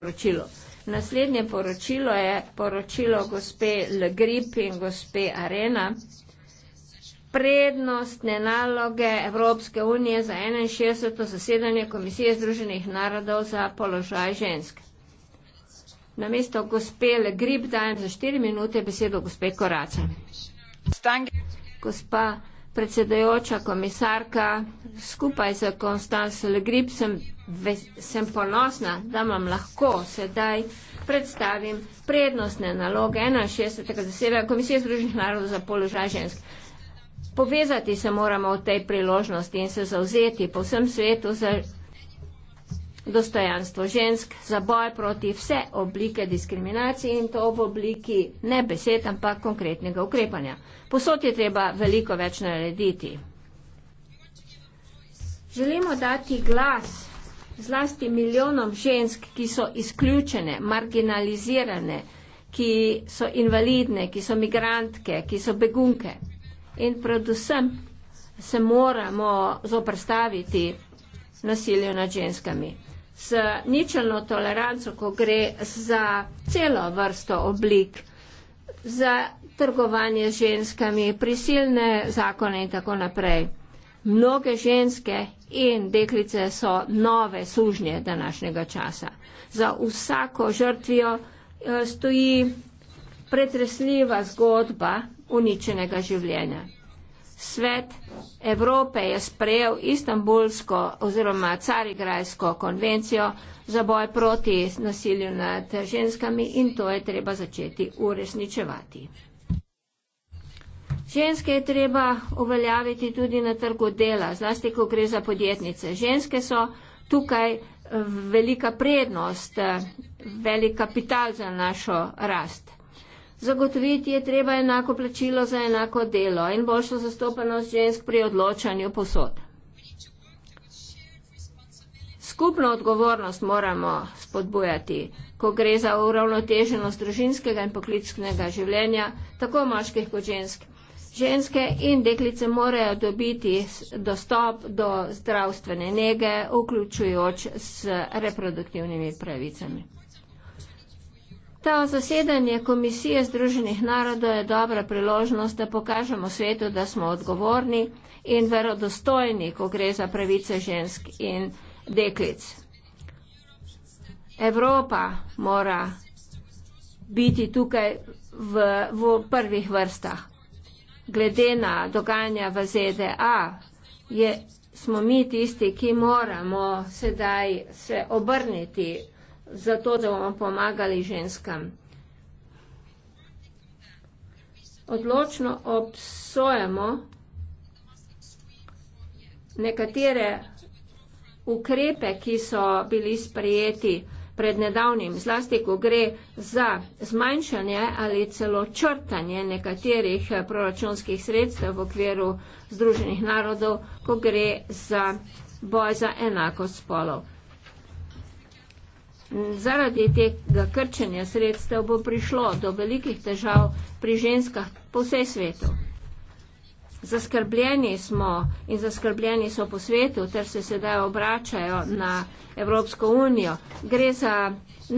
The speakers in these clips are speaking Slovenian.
poročilu. Naslednje poročilo je poročilo gospe Le Grip in gospe Arena. Prednostne naloge Evropske unije za 61. zasedanje Komisije Združenih narodov za položaj žensk. Na mesto gospe Le Grip dajem za 4 minute besedo gospe Koraca. Gospa predsedojoča komisarka, skupaj z Konstanc Le Grip sem sem ponosna, da vam lahko sedaj predstavim prednostne naloge 61. zaseda Komisije Združenih narodov za položaj žensk. Povezati se moramo v tej priložnosti in se zauzeti po vsem svetu za dostojanstvo žensk, za boj proti vse oblike diskriminacije in to v obliki ne besed, ampak konkretnega ukrepanja. Posod je treba veliko več narediti. Želimo dati glas zlasti milijonom žensk, ki so izključene, marginalizirane, ki so invalidne, ki so migrantke, ki so begunke. In predvsem se moramo zoprstaviti nasilju nad ženskami. S ničelno toleranco, ko gre za celo vrsto oblik, za trgovanje z ženskami, prisilne zakone in tako naprej mnoge ženske in deklice so nove sužnje današnjega časa. Za vsako žrtvijo eh, stoji pretresljiva zgodba uničenega življenja. Svet Evrope je sprejel istambulsko oziroma carigrajsko konvencijo za boj proti nasilju nad ženskami in to je treba začeti uresničevati. Ženske je treba uveljaviti tudi na trgu dela, zlasti, ko gre za podjetnice. Ženske so tukaj eh, velika prednost, eh, velik kapital za našo rast. Zagotoviti je treba enako plačilo za enako delo in boljšo zastopanost žensk pri odločanju posod. Skupno odgovornost moramo spodbujati, ko gre za uravnoteženost družinskega in poklicnega življenja, tako moških kot ženskih. Ženske in deklice morajo dobiti dostop do zdravstvene nege, vključujoč s reproduktivnimi pravicami. Ta zasedanje Komisije Združenih narodov je dobra priložnost, da pokažemo svetu, da smo odgovorni in verodostojni, ko gre za pravice žensk in deklic. Evropa mora biti tukaj v, v prvih vrstah glede na dogajanja v ZDA, je, smo mi tisti, ki moramo sedaj se obrniti za to, da bomo pomagali ženskam. Odločno obsojamo nekatere ukrepe, ki so bili sprejeti pred nedavnim, zlasti ko gre za zmanjšanje ali celo črtanje nekaterih eh, proračunskih sredstev v okviru Združenih narodov, ko gre za boj za enakost spolov. Zaradi tega krčenja sredstev bo prišlo do velikih težav pri ženskah po vsej svetu. Zaskrbljeni smo in zaskrbljeni so po svetu, ter se sedaj obračajo na Evropsko unijo. Gre za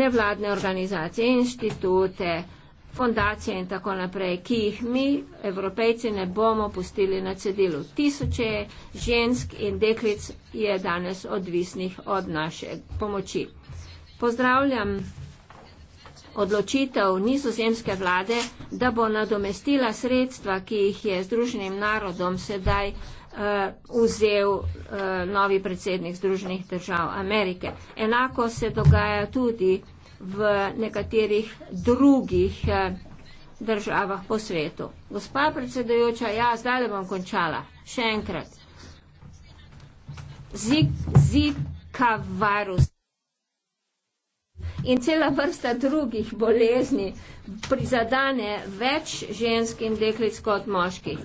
nevladne organizacije, inštitute, fondacije in tako naprej, ki jih mi, evropejci, ne bomo pustili na cedilu. Tisoče žensk in deklic je danes odvisnih od naše pomoči. Pozdravljam odločitev nizozemske vlade, da bo nadomestila sredstva, ki jih je Združenim narodom sedaj eh, vzel eh, novi predsednik Združenih držav Amerike. Enako se dogaja tudi v nekaterih drugih eh, državah po svetu. Gospa predsedajoča, ja, zdaj le bom končala. Še enkrat. Zika varus in cela vrsta drugih bolezni prizadane več žensk in deklic kot moških.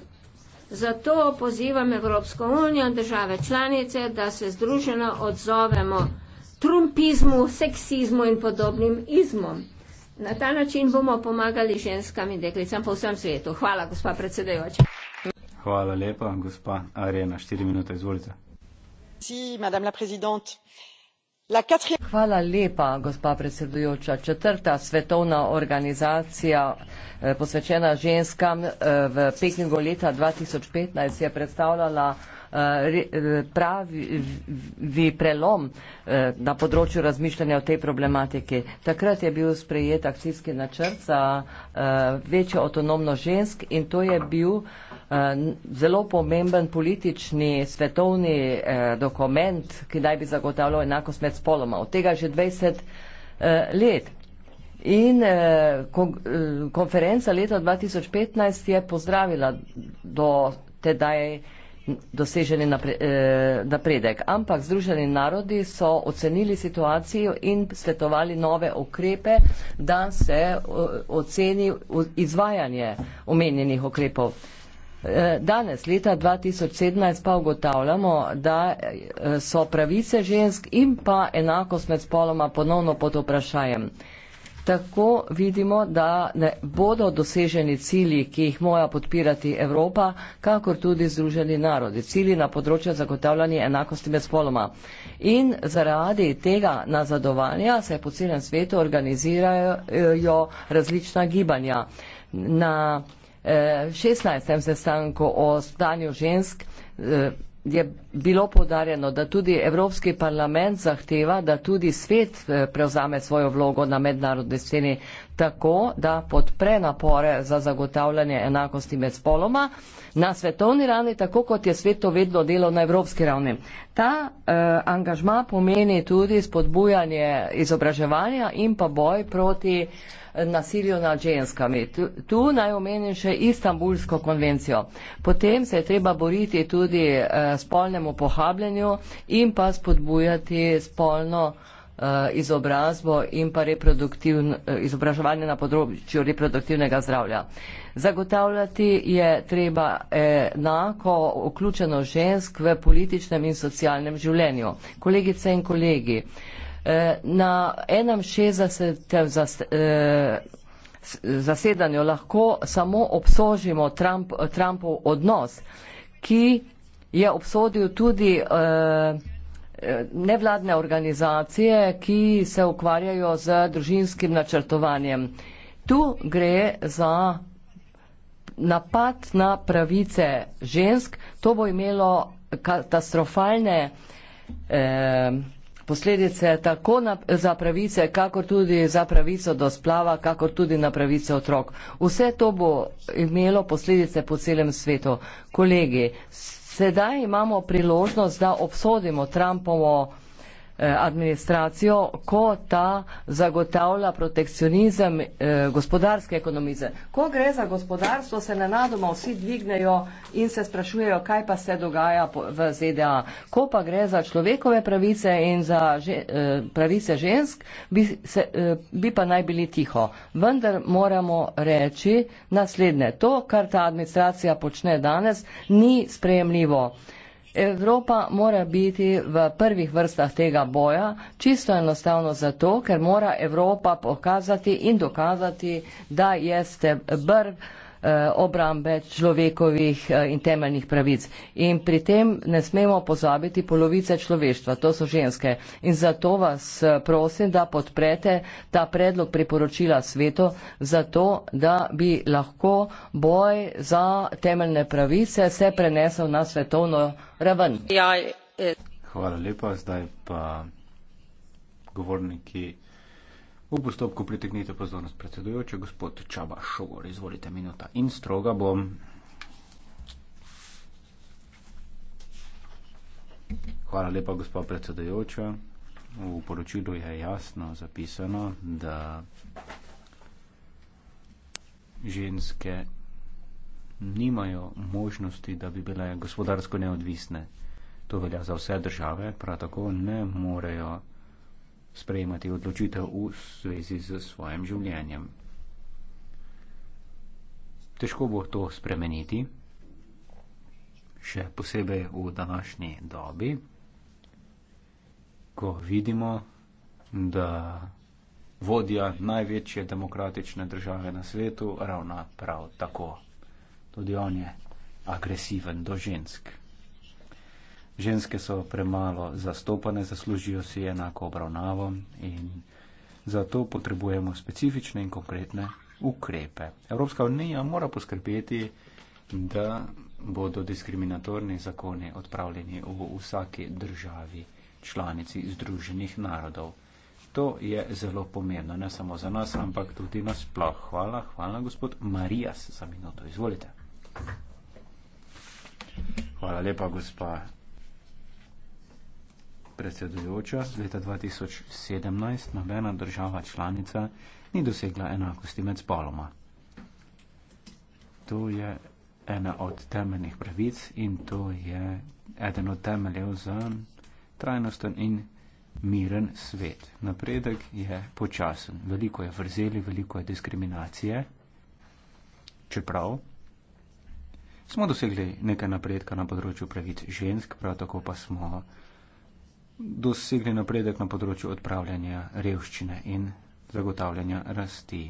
Zato pozivam Evropsko unijo in države članice, da se združeno odzovemo trumpizmu, seksizmu in podobnim izmom. Na ta način bomo pomagali ženskam in deklicam po vsem svetu. Hvala, gospa predsedajoča. Hvala lepa, gospa Arena. Štiri minute, izvolite. Si, madame la prezidente. Hvala lepa, gospa predsedujoča. Četrta svetovna organizacija eh, posvečena ženskam eh, v Pekingu leta 2015 je predstavljala Eh, eh, pravi prelom eh, na področju razmišljanja o tej problematiki. Takrat je bil sprejet akcijski načrt za večjo avtonomnost žensk in to je bil zelo pomemben politični svetovni dokument, ki naj bi zagotavljal enakost med spoloma. Od tega že 20 let. In eh, konferenca leta 2015 je pozdravila do tedaj eh, doseženi napre, eh, napredek. Ampak Združeni narodi so ocenili situacijo in svetovali nove ukrepe, da se o, oceni izvajanje omenjenih ukrepov. Eh, danes, leta 2017, pa ugotavljamo, da eh, so pravice žensk in pa enakost med spoloma ponovno pod vprašanjem. Tako vidimo, da ne bodo doseženi cilji, ki jih moja podpirati Evropa, kakor tudi Združeni narodi, cilji na področju zagotavljanja enakosti med spoloma. In zaradi tega nazadovanja se po celem svetu organizirajo različna gibanja. Na 16. Eh, sestanku o stanju žensk eh, je bilo podarjeno, da tudi Evropski parlament zahteva, da tudi svet eh, prevzame svojo vlogo na mednarodni sceni tako, da podpre napore za zagotavljanje enakosti med spoloma na svetovni ravni, tako kot je svet to vedno delal na evropski ravni. Ta eh, angažma pomeni tudi spodbujanje izobraževanja in pa boj proti eh, nasilju nad ženskami. Tu, tu naj omenim še Istanbulsko konvencijo. Potem se je treba boriti tudi eh, spolnemu pohabljenju in pa spodbujati spolno eh, izobrazbo in pa reproduktivn, eh, izobraževanje na področju reproduktivnega zdravja. Zagotavljati je treba eh, enako vključeno žensk v političnem in socialnem življenju. Kolegice in kolegi, eh, Na 61. Eh, zasedanju lahko samo obsožimo Trump, Trumpov odnos, ki je obsodil tudi eh, nevladne organizacije, ki se ukvarjajo z družinskim načrtovanjem. Tu gre za napad na pravice žensk, to bo imelo katastrofalne eh, posledice tako na, za pravice, kakor tudi za pravico do splava, kakor tudi na pravice otrok. Vse to bo imelo posledice po celem svetu. Kolegi, sedaj imamo priložnost, da obsodimo Trumpovo Eh, administracijo, ko ta zagotavlja protekcionizem eh, gospodarske ekonomize. Ko gre za gospodarstvo, se nenadoma vsi dvignejo in se sprašujejo, kaj pa se dogaja v ZDA. Ko pa gre za človekove pravice in za že, eh, pravice žensk, bi, se, eh, bi pa naj bili tiho. Vendar moramo reči naslednje. To, kar ta administracija počne danes, ni sprejemljivo. Eh, Evropa mora biti v prvih vrstah tega boja, čisto enostavno zato, ker mora Evropa pokazati in dokazati, da je stebr Eh, obrambe človekovih eh, in temeljnih pravic. In pri tem ne smemo pozabiti polovice človeštva, to so ženske. In zato vas eh, prosim, da podprete ta predlog priporočila svetu, zato da bi lahko boj za temeljne pravice se prenesel na svetovno raven. Ja, Hvala lepa, zdaj pa govorniki. V postopku pritegnite pozornost predsedujoče, gospod Čaba Šogor, izvolite minuta in stroga bom. Hvala lepa, gospod predsedujoča. V poročilu je jasno zapisano, da ženske nimajo možnosti, da bi bile gospodarsko neodvisne. To velja za vse države, prav tako ne morejo sprejemati odločitev v svezi z svojim življenjem. Težko bo to spremeniti, še posebej v današnji dobi, ko vidimo, da vodja največje demokratične države na svetu ravna prav tako. Tudi on je agresiven do žensk ženske so premalo zastopane, zaslužijo si enako obravnavo in zato potrebujemo specifične in konkretne ukrepe. Evropska unija mora poskrbeti, da bodo diskriminatorni zakoni odpravljeni v vsaki državi članici Združenih narodov. To je zelo pomembno, ne samo za nas, ampak tudi nasploh. Hvala, hvala gospod Marijas za minuto. Izvolite. Hvala lepa, gospa predsedujoča, leta 2017 nobena država članica ni dosegla enakosti med spoloma. To je ena od temeljnih pravic in to je eden od temeljev za trajnosten in miren svet. Napredek je počasen, veliko je vrzeli, veliko je diskriminacije, čeprav smo dosegli nekaj napredka na področju pravic žensk, prav tako pa smo dosegli napredek na področju odpravljanja revščine in zagotavljanja rasti.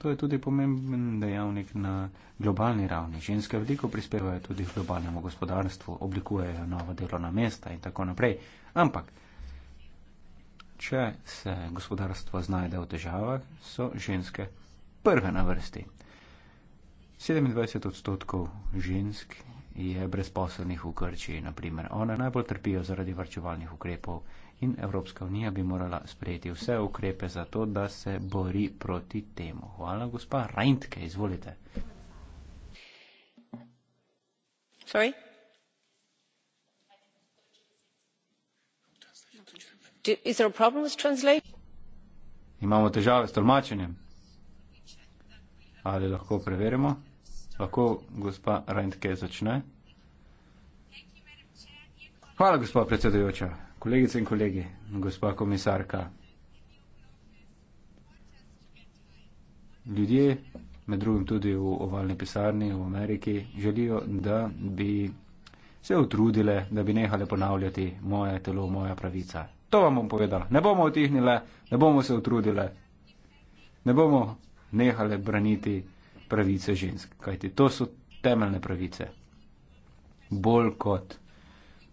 To je tudi pomemben dejavnik na globalni ravni. Ženske veliko prispevajo tudi k globalnemu gospodarstvu, oblikujejo nova delovna mesta in tako naprej. Ampak, če se gospodarstvo znajde v težavah, so ženske prve na vrsti. 27 odstotkov žensk je brezposobnih v Grčiji, naprimer. One najbolj trpijo zaradi varčevalnih ukrepov in Evropska unija bi morala sprejeti vse ukrepe za to, da se bori proti temu. Hvala, gospa Reintke, izvolite. Sorry? Is there a problem with translation? Imamo težave s tolmačenjem. Ali lahko preverimo? Lahko gospa Rajntke začne. Hvala, gospa predsedujoča. Kolegice in kolegi, gospa komisarka. Ljudje, med drugim tudi v ovalni pisarni v Ameriki, želijo, da bi se utrudile, da bi nehale ponavljati moje telo, moja pravica. To vam bom povedala. Ne bomo otihnile, ne bomo se utrudile, ne bomo nehale braniti pravice žensk. Kajti to so temeljne pravice. Bolj kot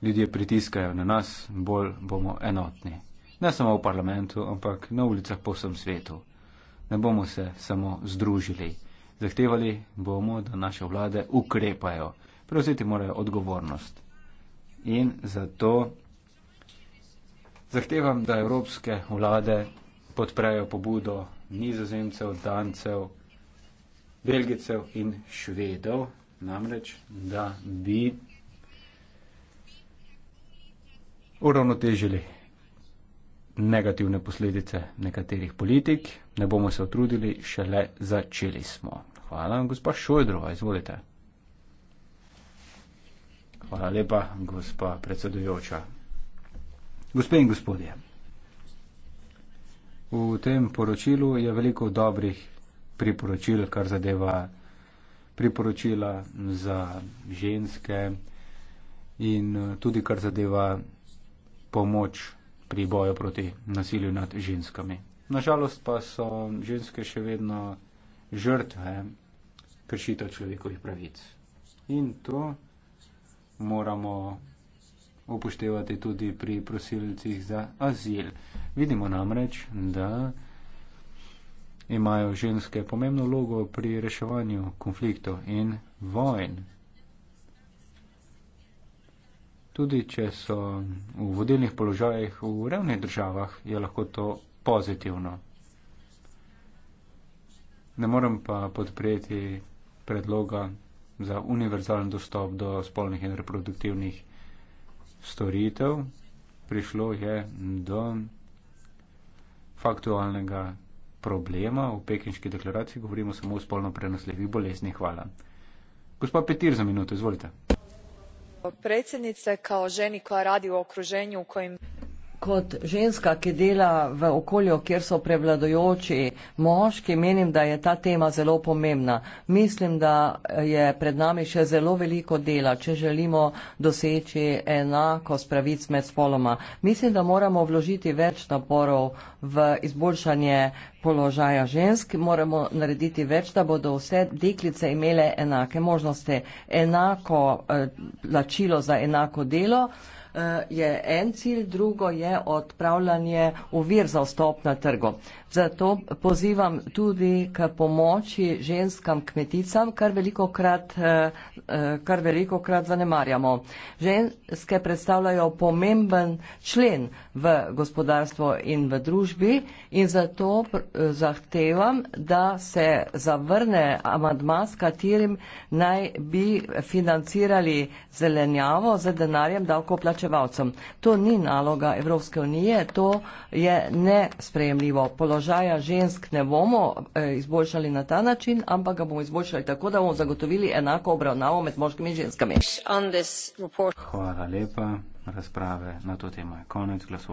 ljudje pritiskajo na nas, bolj bomo enotni. Ne samo v parlamentu, ampak na ulicah po vsem svetu. Ne bomo se samo združili. Zahtevali bomo, da naše vlade ukrepajo. Prevzeti morajo odgovornost. In zato zahtevam, da evropske vlade podprejo pobudo nizozemcev, dancev, Belgijcev in Švedov, namreč, da bi uravnotežili negativne posledice nekaterih politik. Ne bomo se otrudili, šele začeli smo. Hvala, gospa Šojdrova, izvolite. Hvala lepa, gospa predsedujoča. Gospe in gospodje, v tem poročilu je veliko dobrih priporočil, kar zadeva priporočila za ženske in eh, tudi kar zadeva pomoč pri boju proti nasilju nad ženskami. Nažalost pa so ženske še vedno žrtve kršitev človekovih pravic. In to moramo upoštevati tudi pri prosilcih za azil. Vidimo namreč, da imajo ženske pomembno vlogo pri reševanju konfliktov in vojn. Tudi, če so v vodilnih položajih v revnih državah, je lahko to pozitivno. Ne morem pa podpreti predloga za univerzalen dostop do spolnih in reproduktivnih storitev. Prišlo je do faktualnega problema v pekinški deklaraciji, govorimo samo o spolno prenosljivih boleznih. Hvala. Gospa Petir za minuto, izvolite. Predsednica, kao ženi koja radi u okruženju u kojem kot ženska, ki dela v okolju, kjer so prevladojoči moški, menim, da je ta tema zelo pomembna. Mislim, da je pred nami še zelo veliko dela, če želimo doseči enakost pravic med spoloma. Mislim, da moramo vložiti več naporov v izboljšanje položaja žensk, moramo narediti več, da bodo vse deklice imele enake možnosti, enako eh, plačilo za enako delo. Eh, je en cilj, drugo je odpravljanje uvir za vstop na trgo. Zato pozivam tudi k pomoči ženskam kmeticam, kar veliko krat, eh, eh, kar veliko krat zanemarjamo. Ženske predstavljajo pomemben člen v gospodarstvu in v družbi in zato eh, zahtevam, da se zavrne amadma, s katerim naj bi financirali zelenjavo z denarjem davkoplačevalcem. To ni naloga Evropske unije, to je nesprejemljivo položaj položaja žensk ne bomo eh, izboljšali na ta način, ampak ga bomo izboljšali tako, da bomo zagotovili enako obravnavo med moškimi in ženskami. Hvala lepa. Razprave na to temo je konec. Glasov.